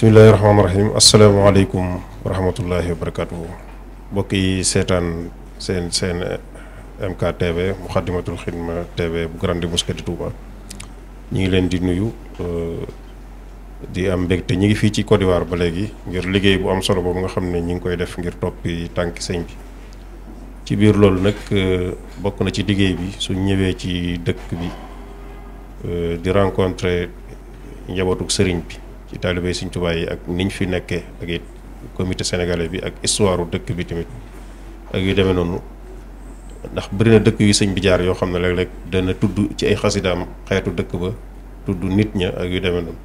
bismillaahi rahmaani rahiim asalaamaaleykum wa rahmatullaahi wa barakaatuhu mbokk yi seetaan seen seen MKTV Muxaddamatul Xidma TV bu Grande Mosquée de Touba ñu ngi leen di nuyu euh, di am mbégte ñu ngi fii ci Côte ba léegi ngir liggéey bu am solo boobu nga xam ne ñu ngi koy def ngir toppi tànki sëñ bi ci biir loolu nag euh, bokk na ci liggéey bi suñ ñëwee ci dëkk bi euh, di rencontrer njabootuk sëriñ bi. ci taalibey Sëriñ Tuubaa yi ak niñ fi nekkee ak it comité bi ak histoire dëkk bi tamit ak yu demee noonu ndax bëri na dëkk yu sëñ bi jaar yoo xam ne léeg-léeg dana tudd ci ay xasidaam xeetu dëkk ba tudd nit ña ak yu deme noonu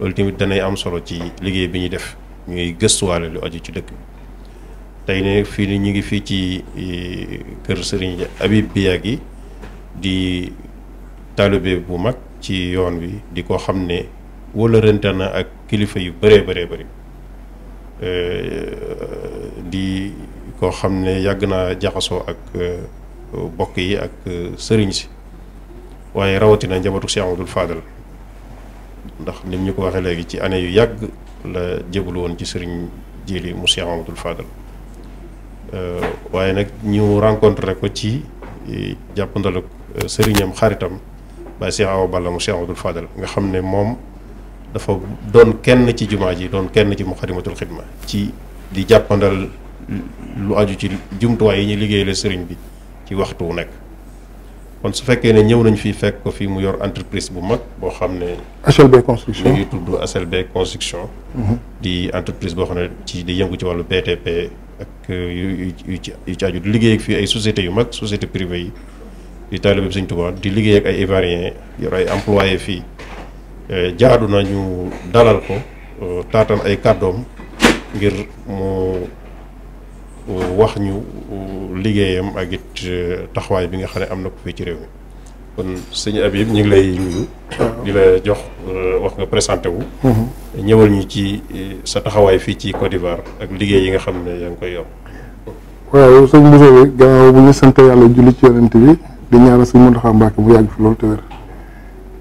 loolu tamit danay am solo ci liggéey bi ñuy def ñuy gëstuwaale lu aju ci dëkk bi tey ne fii ni ñu ngi fii ci eh, kër Serigne Habib Biyaagi di taalibe bu mag ci yoon bi di ko xam ne wala rënta na ak kilifa yu bëree bëree bëri euh, di koo xam ne yàgg naa jaxasoo ak euh, bokk yi ak euh, sëriñ si waaye rawatina njabootu Cheikh Amadou Fadal ndax nim ñu ko waxee léegi ci année yu yàgg la jébul woon ci sëriñ Jili mu Cheikh Amadou Fadal waaye nag ñu rencontre ko ci jàppandal ak sëriñam xaritam Baye Cheikh Awa Balla mu Cheikh Amadou nga xam ne moom. dafa doon kenn ci jumaa ji doon kenn ci muxadimatul xidma ci di jàppandal lu aju ci jumtuwaay yi ñuy liggéeyale sëriñ bi ci waxtu wu nekk kon su fekkee ne ñëw nañ fii fekk ko fii mu yor entreprise bu mag boo xam ne. HLB construction mu ngi tudd HLB construction. Mhm. di entreprise boo xam ne ci di yëngu ci wàllu BTP ak yu yu ci ci aju di liggéey ak fii ay sociétés yu mag société privée yi di taalibe suñ Tuubaa di liggéey ay ivoiriens yor ay employés fii. Eh, jaadu na ñu dalal ko eh, taataan ay kàddoom ngir mu eh, wax ñu liggéeyam ak it taxawaay bi nga xam ne am na ko fii ci réew mi kon sëñ ñu ngi lay di la jox wax nga présenté wu. Mm-hmm. ñëwal ñu ci sa taxawaay fii ci Côte d'Ivoire ak liggéey yi nga xam ne yaa ngi koy yor. waaw sëñ Moussa bi gannaaw bu ñu sant yàlla julli ci yonent bi di ñaanal sëñ Mountakha Mbacké mu yàgg fi loolu te wér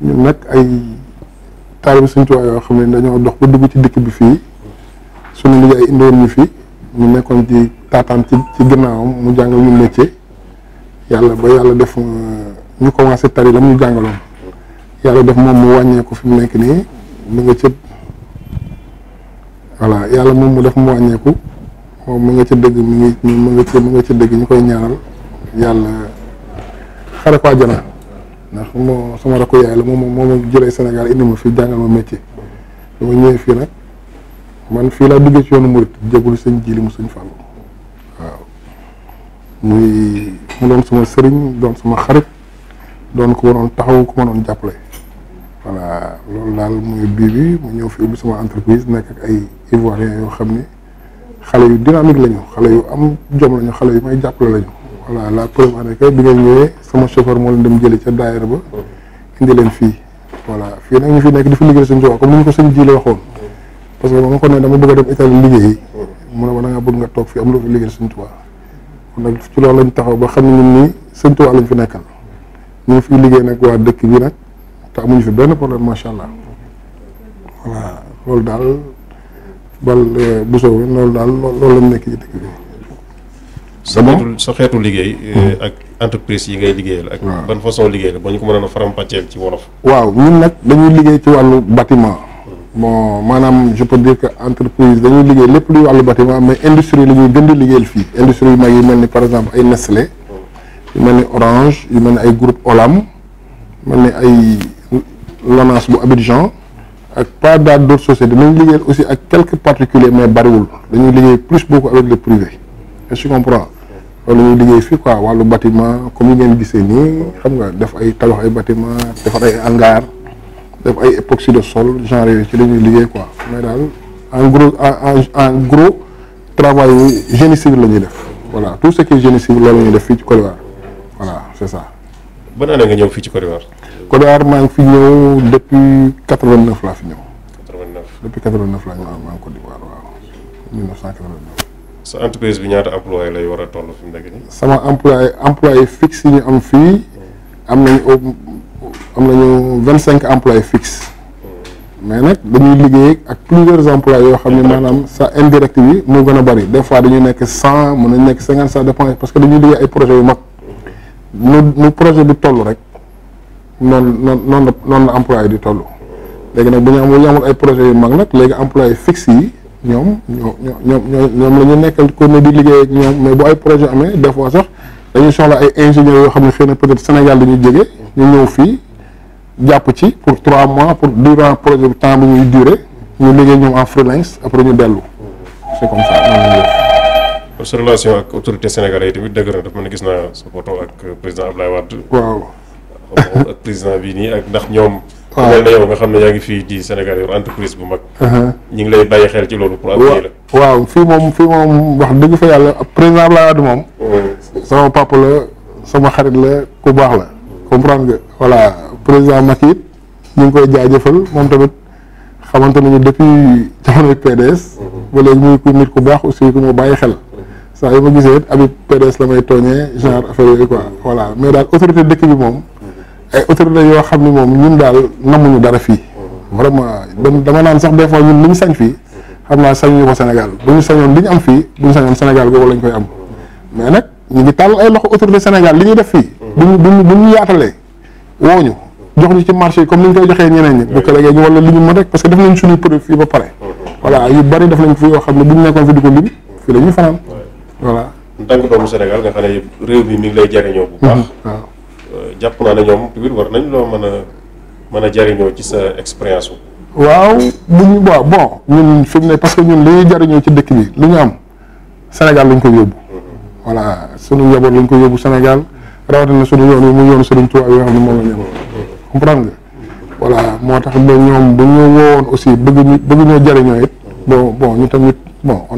ñun ay. bi Sëñ Tuubaa yoo xam ne dañoo dox ba dugg ci dikk bi fii suñu liggéey indiwoon ñu fi ñu nekkoon ci taataan ci ci ginnaawam mu jàngal mu métier yàlla ba yàlla def euh, ñu commencé tari la ñu jàngaloon def moom mu wàññeeku fi mu nekk nii mu nga cëb voilà yàlla moom mu def mu wàññeeku moom mu nga ci dëgg mu ngi mu nga ci nga ci dëgg ñu koy ñaanal yàlla xare ko àjjana ndax moo sama rakk yaay la moom moo ma jëlee Sénégal indi ma fii jàngal ma métier dama ñëwee fii nag man fii la duggee ci yoonu murit jégul sëñ Jili mu sëñ Fallou waaw muy mu doon sama sëriñ doon sama xarit doon ko waroon taxaw ku ma doon jàppale voilà loolu daal muy bii mu ñëw fi ubbi sama entreprise nekk ak ay ivoiriens yoo xam ni xale yu dynamique lañu xale yu am jom lañu xale yu may jàppale lañu voilà la preuve en est que bi nga ñëwee sama chauffeur moo leen dem jëli ca daayira ba indi leen fii voilà fii nag ñu fi nekk di fi liggéey suñu tubaab comme ni ko suñu ji la waxoon que ko ne dama bëgg a dem Italie liggéey ne ma da ngaa bëgg toog fii am lu fi liggéey suñu tubaab kon nag ci loolu lañ taxaw ba xam ne ñun nii suñu tubaab lañ fi nekkal ñu ngi fi liggéey nag waa dëkk bi nag te amuñu fi benn problème macha allah voilà loolu daal bal eh, bu soobee loolu daal loolu lañ nekk ci dëkk bi sa xeetu xeetu liggéey. Hmm. ak entreprise yi ngay liggéeyal. ak ban façon liggéey la ba ñu ko mënoon a faram-fàcceel ci wolof. waaw ñun nag dañuy liggéey ci wàllu batiment hmm. bon maanaam je peux dire que entreprise dañuy liggéey lépp luy wàllu bâtiment mais industrie la ñuy gën di liggéeyal fii industrie yu mag yi mel ni par exemple ay Nestlé. yu mel ni Orange yu mel ni ay groupe Olam mel ni ay Lonase bu Abidjan ak pas daal d'autres sociétés dañuy liggéeyal aussi ak quelques particuliers mais bariwul dañuy liggéey plus beaucoup avec le loolu ñuy liggéey fii quoi wàllu bâtiment comme ni ngeen gisee nii xam nga def ay tabax ay bâtiment defar ay hangar def ay époxy de sol genre yooyu ci la ñuy liggéey quoi mais daal en gros en en gros travail yi génie civil la ñuy def voilà tout ce qui est génie civil la ñuy def fii ci Côte d'Ivoire voilà c'est ça. ban année nga ñëw fii ci Côte d'Ivoire. Côte d'Ivoire maa ngi fi ñëw depuis 89 laa fi ñëw. 89 depuis 89 laa ñëw maa ngi Côte su entreprise bi ñaata employé lay war a toll fi mu nekk nii. sama employé employé fixe yi ñu am fii. am na am nañu vingt cinq employé fixe. mais nag dañuy liggéey ak plusieurs emplois yoo xam ne maanaam sa indirect bi moo gën a bari des fois dañuy nekk cent mën nañu nekk cinquante ça dépend parce que dañuy liggéey ay projets yu mag mu nu projet bi toll rek noonu noonu noonu emploi yi di toll léegi nag bu ñu am bu ñu amul ay projets yu mag nag léegi emplois yi fixes yi ñoom ñoo ñoo ñoo ñoom la ñu nekkal ko ne di liggéey ak ñoom mais bu ay projet amee des fois sax dañuy soxla ay ingénieurs yoo xam ne xëy na peut-être Sénégal dañuy jóge ñu ñëw fii jàpp ci pour trois mois pour durant projet bi temps bi ñuy durer ñu liggéey ñoom en freelance après ñu dellu c'est comme ça noonu la sa relation ak autorité sénégalaise yi tamit dëgg na dafa mën a gis naa sa photo ak président Ablaye Wade waaw ak président bii nii ak ndax waaw mel na xam ne yaa ngi fii di Sénégal yor entreprise bu mag. Uh-huh. ñu ngi lay bàyyi xel ci loolu. pour appuyer la fii moom fii moom wax dëgg fa yàlla président Abdoulaye Wade moom. Hmm. sama papa sama xarit la ku baax la. comprendre nga voilà président Macky ñu ngi koy jaajëfal moom tamit xamante nañu depuis jamonoy PDS. Hmm. ba léegi muy ku nit ku baax aussi ku ma bàyyi xel. Hmm. saa yu ma gisee it Habib PDS la may tooñee genre affaire yooyu quoi voilà mais daal autorité dëkk bi moom. ay autorité yoo xam ne moom ñun daal namuñu dara fii vraiment dama naan sax des fois ñun li ñu sañ fii xam naa sañuñu ko Sénégal bu ñu sañoon li ñu am fii bu ñu sañoon Sénégal googu lañ koy am mais nag ñu ngi tàll ay loxo autorité Sénégal li ñu def fii duñu duñu bu ñu yaatalee ñu jox ñu ci marché yi comme ni koy joxee ñeneen ñi bu ko léegi ñu wala li ñu mën rek parce que def nañ suñuy produit fii ba pare voilà yu bari def nañ fi yoo xam ne bu ñu nekkoon fi di ko lim fii la ñuy fanaan voilà en tant que doomu réew mi mi ngi lay jariñoo bu baax jàpp naa ne ñoom tamit nañ loo mën a mën a ci sa expérience waaw buñ waaw bon ñun fi mu ne parce que ñun li ñuy jariñoo ci dëkk bi lu ñu am Sénégal lañ ko yóbbu voilà sunu yaboot lañ ko yóbbu Sénégal rawatina sunu yoon yi mu yoon Sëriñ Tuubaa yoo xam ne moom la ñu comprendre nga voilà moo tax ba ñoom bu ñu woowoon aussi bëgg ñu bëgg ñoo jariñoo it bon bon ñu tamit bon on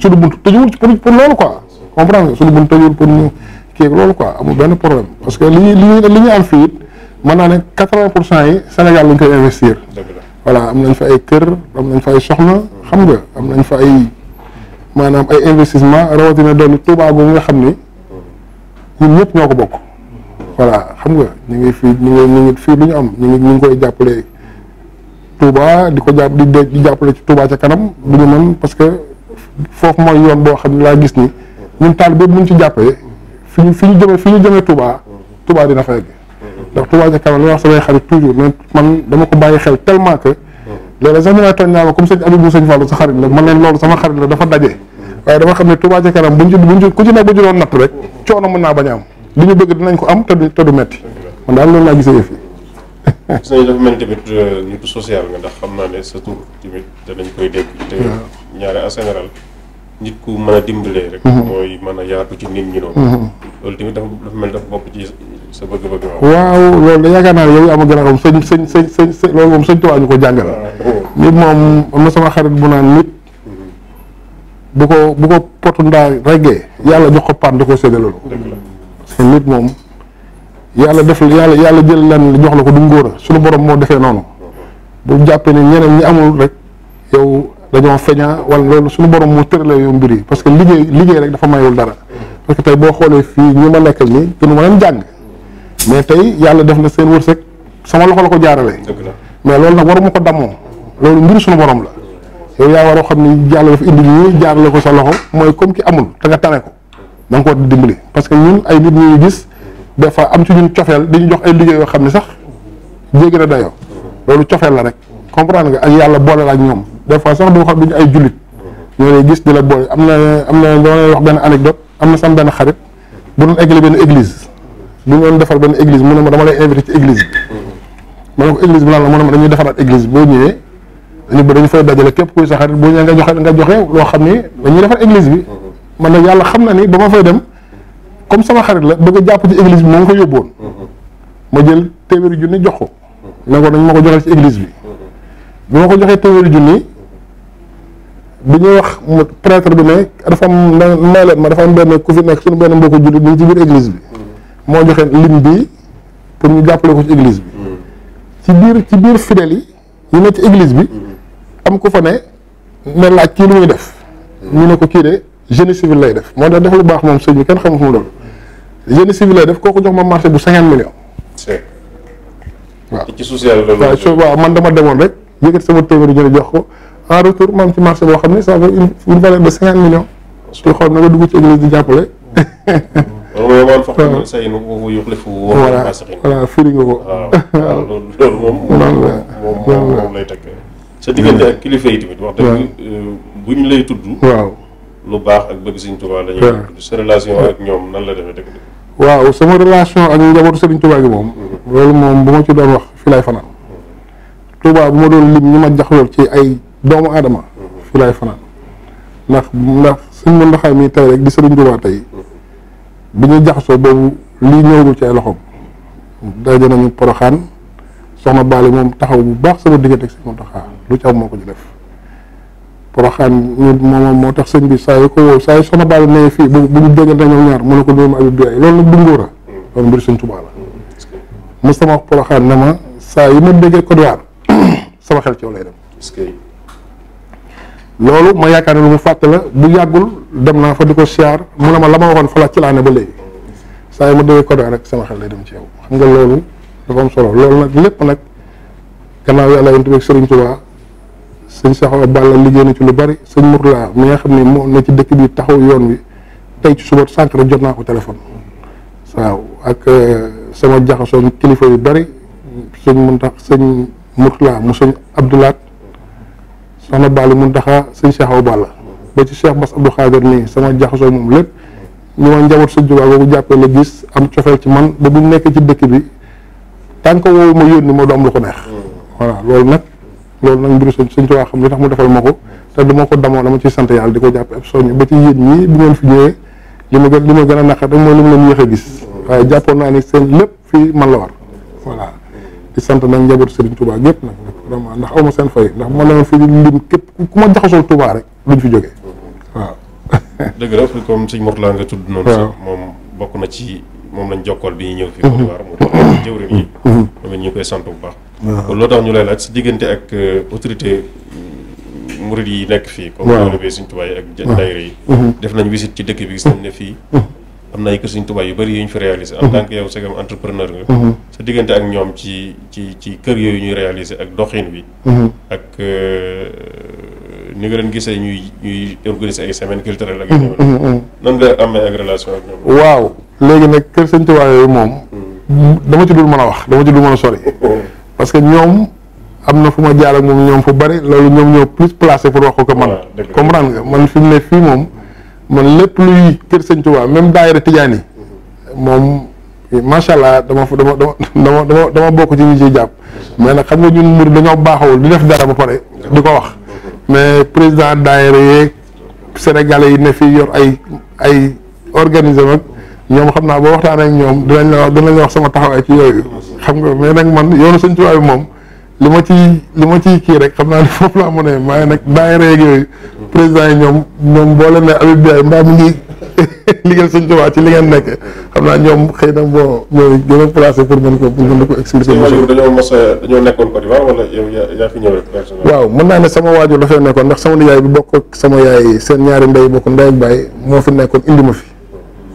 sunu buntu tëjuwul pour loolu quoi comprendre nga sunu buntu tëjuwul pour ñu kii loolu quoi amul benn problème parce que li ñuy li ñuy li ñuy am fii mën naa ne quatre-vingt pour cent yi Sénégal lañ koy investir. voilà am nañ fa ay kër am nañ fa ay soxna xam nga am nañ fa ay maanaam ay investissement rawatina doon Touba googu nga xam ni ñu ñëpp ñoo ko bokk. voilà xam nga ñu ngi fii ñu fii lu ñu am ñu ngi ñu ngi koy jàppalee Touba di ko jàpp di di jàppale ci Touba ca kanam du ñu mën parce que foofu mooy yoon boo xam ne laa gis ni ñun taal boobu ñu ci jàppale. fi ñu fi jëmee fi ñu jëmee Touba mm-hmm. Touba dina fa yegg ndax Touba ca kanam li wax samay xarit toujours mais man dama ko bàyyi xel tellement que léeg-léeg sax ñu may tooñ ma comme sëñ Abibou sëñ Fallou sa xarit la man sama xarit la dafa daje mm-hmm. waaye dama xam ne Touba ca kanam buñ ci buñ ci ku ci ne bu ñu doon natt mm-hmm. naa bañ a am li ñu bëgg dinañ ko am te du te du metti man daal loolu laa gisee yëf yi gis nañu dafa mel ni tamit euh, nitu social nga ndax xam naa ne sa tur tamit danañ koy dégg te ñaare en nit ku mën a dimbalee rek. Mhm. mooy mën a yaatu ci nit ñi noonu. Mhm. loolu sa bëgg-bëgg. waaw loolu da yaakaar a xam sëñ sëñ sëñ sëñ loolu moom sëñ Tuubaa ko jàngal. nit moom na sama xarit bu naan nit. Mhm. bu ko bu ko potu ndaa reggee yàlla jox ko paan da ko séddale loolu. parce que nit moom yàlla def yàlla yàlla jël lan jox la ko du ngóor su suñu borom moo defee noonu. bu jàppee ne ñi amul rek yow. dañoo feeñaa wala loolu suñu borom moo tëralee yow mbir yi parce que liggéey liggéey rek dafa mayul dara parce que tey boo xoolee fii ñi ma nekkal nii du ma leen jàng mais tey yàlla def na seen wërsëg sama loxo la ko jaarale mais loolu nag waruma ko dammoo loolu mbir suñu borom la yow yaa waroo xam ni yàlla dafa indi nii jaarale ko sa loxo mooy comme ki amul te nga tane ko da nga ko war di dimbali parce que ñun ay nit ñuy gis des fois am ci ñun cofeel dañu jox ay liggéey yoo xam ne sax jéggi na dayoo loolu cofeel la rek comprendre nga ak yàlla boole ak ñoom des fois sax du xam duñu ay jullit ñoo gis di la boole am na am na dama lay wax am na sama benn xarit bu doon eggale benn église bu ñu doon defar benn église mu ma dama lay invité ci église bi ma ne la mu ne ma dañuy defaraat église boo ñëwee dañu ba dañu fay dajale képp kuy sa xarit boo ñëwee nga joxe nga joxe loo xam ni dañuy defar église bi man nag yàlla xam na ni ba ma fay dem comme sama xarit la bëgg jàpp ci église bi moo ngi ko yóbboon ma jël téeméeri junni jox ko ne ko dañ ma ko joxal ci église bi ma ko joxee téeméeri junni bi ñuy wax mu prêtre bi ne dafa am leen ma dafa am benn ku fi nekk suñu benn mbokku jullit ñu ngi ci biir église bi mm. moo joxe lim bi pour ñu jàppale ko ci église bi mm. ci biir ci biir fidèles yi yi ne ci bi mm. am ku fa ne ne laaj kii lu muy def ñu ne ko kii de génie civil lay def moo tax def lu baax moom sëñ bi kenn xamul fu mu doon génie civil lay def kooku jox ma marché bu cinquante millions waaw waaw man dama demoon rek yëkkati sama téeméeri ñu jox ko en retour moom boo xam ne ça vaut une valeur de cinquante dugg di jàppale. loolu moom foog nga say nu yuxlifu voilà waaw loolu lay teg. sa diggante ak euh, lu baax ak bëgg Sëriñ Tuubaa la ñuy tudd sa relation ak la demee dëgg dëgg. waaw sama relation ak njabootu Sëriñ Tuubaa gi moom. Mm-hmm. loolu moom bu ma ci doon wax fi lay fanaan. Tuubaa bu ma doon lim ñi ma jaxloo ci ay. doomu aadama filaay laay fanaan ndax ndax suñ mën ndoxaay mi tey rek di sëriñ Tuubaa tey bi ñu jaxasoo boobu lii ñëwagul ci ay loxoom daje nañu poroxaan soxna Baale moom taxaw bu baax sama diggante ak sëñ Muntaxa lu ci am moo ko ci def poroxaan ñu moo tax sëñ bi saa yu ko woo saa yu soxna Baale nee fii bu bu ñu déggante ñoom ñaar mu ne ko doomu Abib Biaye loolu nag du a loolu mbir sëñ Tuubaa la sama wax poroxaan ne ma saa yu ma déggee ko yaar sama xel loolu ma yaakaar ne lu mu fàttala bu yàggul dem naa fa di ko siyaar mu ne ma la ma waxoon fa la ci laa ne ba léegi saa yi ma déggee Kodwa rek sama xel lay dem ci yow xam nga loolu dafa am solo loolu nag lépp nag gannaaw yàlla yonent sëñ Saxo Balla liggéey na ci lu bari sëñ Mourla mi nga xam ne moo ne ci dëkk bi yoon wi tey ci suba sànq jot naa ko téléphone waaw ak euh, sama jaxasoon kilifa yu bari sëñ Muntax sëñ Mourla mu sëñ Abdoulaat soxna Bally Mountakha sëñ Cheikh Awa la ba ci Cheikh Bass Abdou Khader nii sama jaxasoo moom lépp ñu ma njaboot sa jubaa boobu jàppee la gis am cofeel ci man ba bu nekk ci dëkk bi tànk woowu ma yónni ma du am lu ko neex voilà loolu nag loolu nag suñ sëñ Tuubaa xam li tax mu defal ma ko te dama ko damoo dama ciy sant yàlla di ko jàpp ab soññ ba ci yéen ñi bi ngeen fi ñëwee li ma gën li a naqar rek mooy li ma leen yéex a gis waaye jàppoon naa ni seen lépp fii man la war voilà di sant nag njabootu Serigne tubaa gépp nag vraiment ndax aw ma seen fay ndax bu ma demoon fii lim képp ku ma jaxasoo tubaa rek duñ fi jógee waaw. dëgg la comme sëñ Mourtala nga tudd noonu. sax moom bokk na ci moom lañ jokkool bi ñuy ñëw fi mhm. Côte d'Ivoire mu jëwriñ mhm. ñu koy sant bu baax. waaw loolu tax ñu lay laaj si diggante ak euh, autorité euh, murid yi nekk fii. comme loolu bee Sëñ Touba yi ak daayira yi. Mhm. def nañ visite ci dëkk bi gis ne fii. am na ay kër Sëñ yu bari yu ñu fi réalisé. en tant que yow sa diggante ak ñoom ci ci ci kër yooyu ñuy réaliser ak doxin bi mm-hmm. ak euh, ni nga leen gisee ñuy ñuy organiser ay semaines culturelles ak mm-hmm, mm-hmm, amee ak relation ak ñoom. waaw léegi nag kër Sëñ Tuubaa yooyu moom. dama ci dul mën a wax dama ci dul mën a sori. parce que ñoom am na fu ma jaar ak moom ñoom fu bari loolu ñoom ñoo plus placé pour wax ko que man. comprendre nga man fi mu ne fii moom man lépp luy kër Sëñ Tuubaa même daayira Tijaan yi moom. macha allah dama fa dama dama dama dama bokk ci ñi ciy jàpp mais nag xam nga ñun mbir dañoo baaxawul di def dara ba pare di ko wax mais président daayira yeeg sénégalais yi ne fii yor ay ay organisé mag ñoom xam naa boo waxtaaneek ak ñoom dinañ la wax dinañ la wax sama taxawaay ci yooyu xam nga mais nag man yoonu Sëñ Tuubaa bi moom li ma ci li ma ciy kii rek xam naa ni foofu laa mënee waaye nag daayira yeeg yooyu président yi ñoom moom boo leen ne Habib Diaye mbaa mu liggéeyal sëñ Tuubaa ci li ngeen nekk xam naa ñoom xëy na boo mooy gën a placé pour mën ko pour mën ko expliquer dañoo mos dañoo waaw mën naa ne sama waajur dafay nekkoon ndax sama nijaay bi bokk ak sama yaay seen ñaari ndey bokk ndey ak baay moo fi nekkoon indi ma fi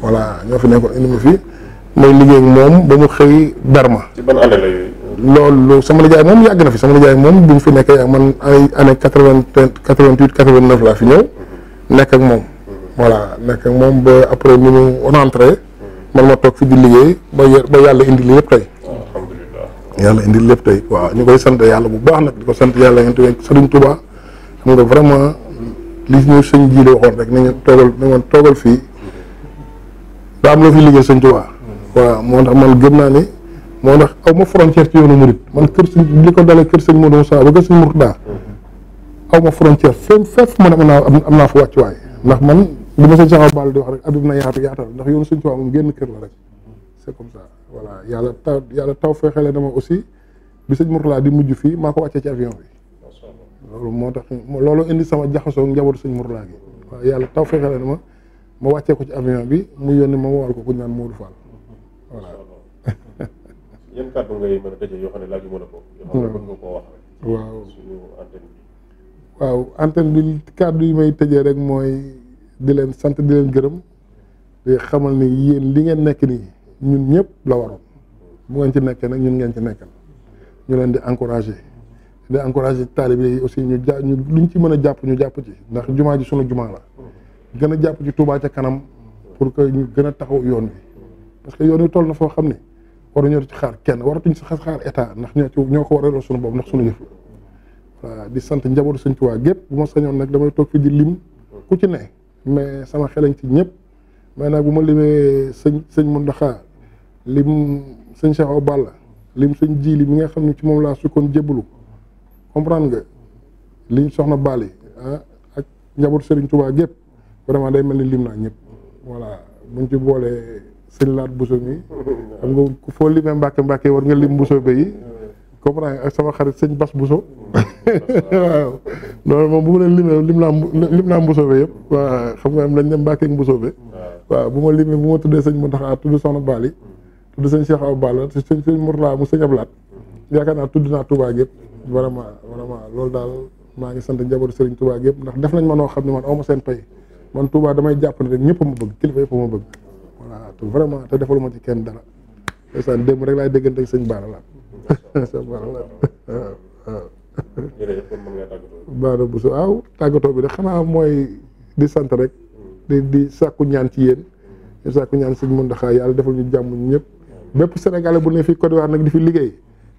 voilà ñoo fi nekkoon indi ma fi may liggéey ak moom ba mu xëy Berma ci ban année la yooyu loolu sama nijaay moom yàgg na fi sama nijaay moom bu mu fi nekkee ak man ay année quatre-vingt-huit quatre-vingt-neuf laa fi ñëw nekk ak moom voilà nekk moom ba après ni mu rentré man ma toog fi di liggéey ba ba yàlla indi li yëpp tey yàlla indi lépp tey waaw ñu koy sant yàlla bu baax nag di ko sant yàlla yent sëriñ Touba xam nga vraiment li ñu sëñ ji waxoon rek nañu toogal nañu toogal fii daa am loo fi liggéey sëñ Touba waaw moo tax man gëm naa ni moo tax aw ma frontière ci yoonu murit man kër sëñ li ko dalee kër sëñ Modou Moussa ba kër sëñ Mourtada aw ma frontière fépp fépp man am am naa fa wàccuwaay ndax man li ma sëñ Cheikh Ball di wax rek Habib na yaatu yaatal ndax yoonu sëñ Tuubaa moom génn kër la rek c'est comme ça yàlla taw yàlla taw fee xale na ma aussi di mujj fii maa ko wàccee ci avion moo tax loolu indi sama jaxasoo njabootu sëñ Mourtala gi waaw yàlla taw fee xale na ma ma wàccee ko ci avion bi mu yónni ma wowal ku ñu naan Modou Fall voilà. yan kàddu ngay mën a tëjee yoo xam a ko. yoo xam antenne bi. waaw antenne bi kàddu yi may tëjee rek mooy. di leen sant di leen gërëm di xamal ni yéen li ngeen nekk nii ñun ñëpp la waroon bu ngeen ci nekkee nag ñun ngeen ci nekkal ñu leen di encouragé di encouragé taalibe yi aussi ñu ja ñu luñ ci mën a jàpp ñu jàpp ci ndax jumaa ji sunu jumaa la gën a jàpp ci Touba ca kanam pour que ñu gën a taxaw yoon wi parce que yoon wi toll na foo xam ne waruñoo ci xaar kenn waratuñ si xaar état ndax ñoo ci ñoo ko war a waraloo sunu boobu ndax sunu yëf la waaw di sant njabootu Sëñ Tuubaa gépp bu ma sañoon nag damay toog fi di lim ku ci ne. mais sama xelañ ci ñëpp mais nag bu ma limee sëñ sëñ Muntaxa lim sëñ Cheikh Awa Balla lim sëñ Jili mi nga xam ne ci moom laa sukkoon jébbalu comprendre nga liñ soxna Bally ah ak njabootu Serigne Touba gépp vraiment day mel ni lim naa ñëpp voilà buñ ci boolee sëñ Laat Bousso yi xam nga foo limee Mbàkke Mbàkke war nga lim Bousso yi comprendre ak sama xarit sëñ Bas Bousso waaw loolu moom bu ma leen limee lim naa lim naa Bousso bi yëpp waaw xam nga am lañ ne Mbacke ak Bousso bi waaw bu ma limee bu tuddee sëñ Mountakha tudd Soxna Bali tudd sëñ Cheikh Awa Balla sëñ sëñ Mourla mu sëñ Ablaat yaakaar naa tudd naa Touba yëpp vraiment vraiment loolu daal maa ngi sant njabootu Serigne Touba yëpp ndax def nañ ma noo xam ne man aw ma seen pay man Touba damay jàpp ne rek ñëpp a ma bëgg kilifa yëpp a ma bëgg voilà te vraiment te ci kenn dara ndeysaan démb rek laay déggante ak sëñ Baara la sa baax la waaw waaw. jërëjëf kon mën nga tàggatoo. waaw tàggatoo bi de xanaa mooy di sant rek. di di sàkku ñaan ci yéen. di sàkku ñaan sëñ Mountakha yàlla defal ñu jàmm ñëpp. bépp Sénégalais bu ne fii Côte d'Ivoire nag di fi liggéey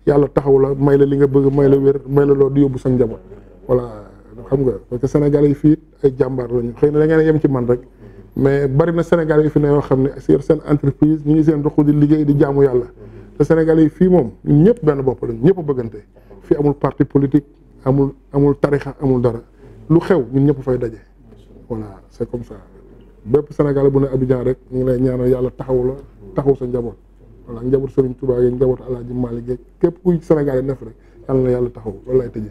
yàlla taxaw la may la li nga bëgg may la wér may la loolu di yóbbu sa njaboot. voilà xam nga parce que Sénégalais yi fii ay jàmbaar lañu xëy na da ngeen yem ci man rek. mais bari na Sénégal yi fi ne yoo xam ne si seen entreprise ñu ngi seen doxu di liggéey di jaamu yàlla te Sénégal yi fii moom ñëpp benn bopp lañ ñëpp bëggante fii amul parti politique amul amul tarixa amul dara lu xew ñun ñëpp fay daje voilà c'est comme ça bépp Sénégal bu ne Abidjan rek ñu ngi lay ñaanal yàlla taxaw la taxaw sa njaboot voilà njaboot Serigne Touba yeeg njaboot Alaaji Maalik yeeg képp kuy Sénégal yi nef rek yàlla na yàlla taxaw loolu lay tëjee.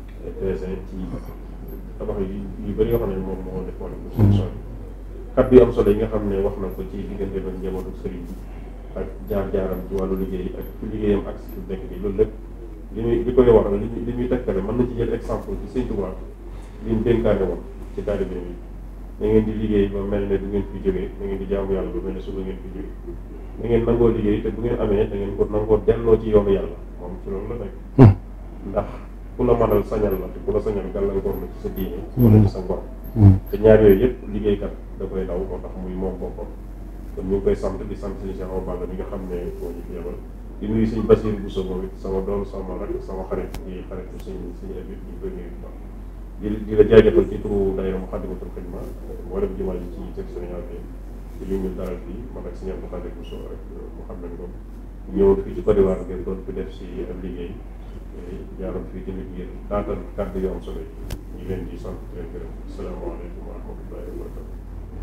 yu bëri yoo xam ne moom moo defoon ak solution bi kàddu yu am solo yi nga xam ne wax na ko ci diggante doon njabootu sëriñ bi ak jaar liggéey ak liggéeyam ak si dëkk bi loolu li muy li koy wax li muy li muy tegtale mën na ci jël exemple ci Sëñ Tuubaa li mu dénkaane woon ci taalibe bi na ngeen di liggéey ba mel ne du ngeen fi jógee na ngeen di jaamu yàlla ba mel ne suba ngeen fi jógee na ngeen nangoo liggéey te bu ngeen amee da ngeen ko nangoo delloo ci yoonu yàlla moom ci loolu la nekk hmm. ndax ku la mënal sañal la te ku la sañal gàllankoor la ci sa diine wala ci mm-hmm. sa ngor mm-hmm. ñaar yooyu yëpp liggéeykat da koy daw moo tax muy moom boppam kon ñu ngi koy sant di sant suñu Cheikh Awa Balla mi nga xam ne moo ñu fi yebal di nuyu suñu Basiir Bousso moom it sama doom sama rak sama xarit di xarit suñu suñu abit ñu koy nuyu bu di di la jaajëfal ji ci teg bi ci li ñu dalal fii man ak suñu Abdou Khadir Bousso rek mu xam ne ñoom ñëwoon fii ci Côte d'Ivoire ngeen def si ab liggéey ñaanal fii tamit ngeen naatal kàddu yu am solo yi ñu leen di sant di leen gërëm salaamaaleykum wa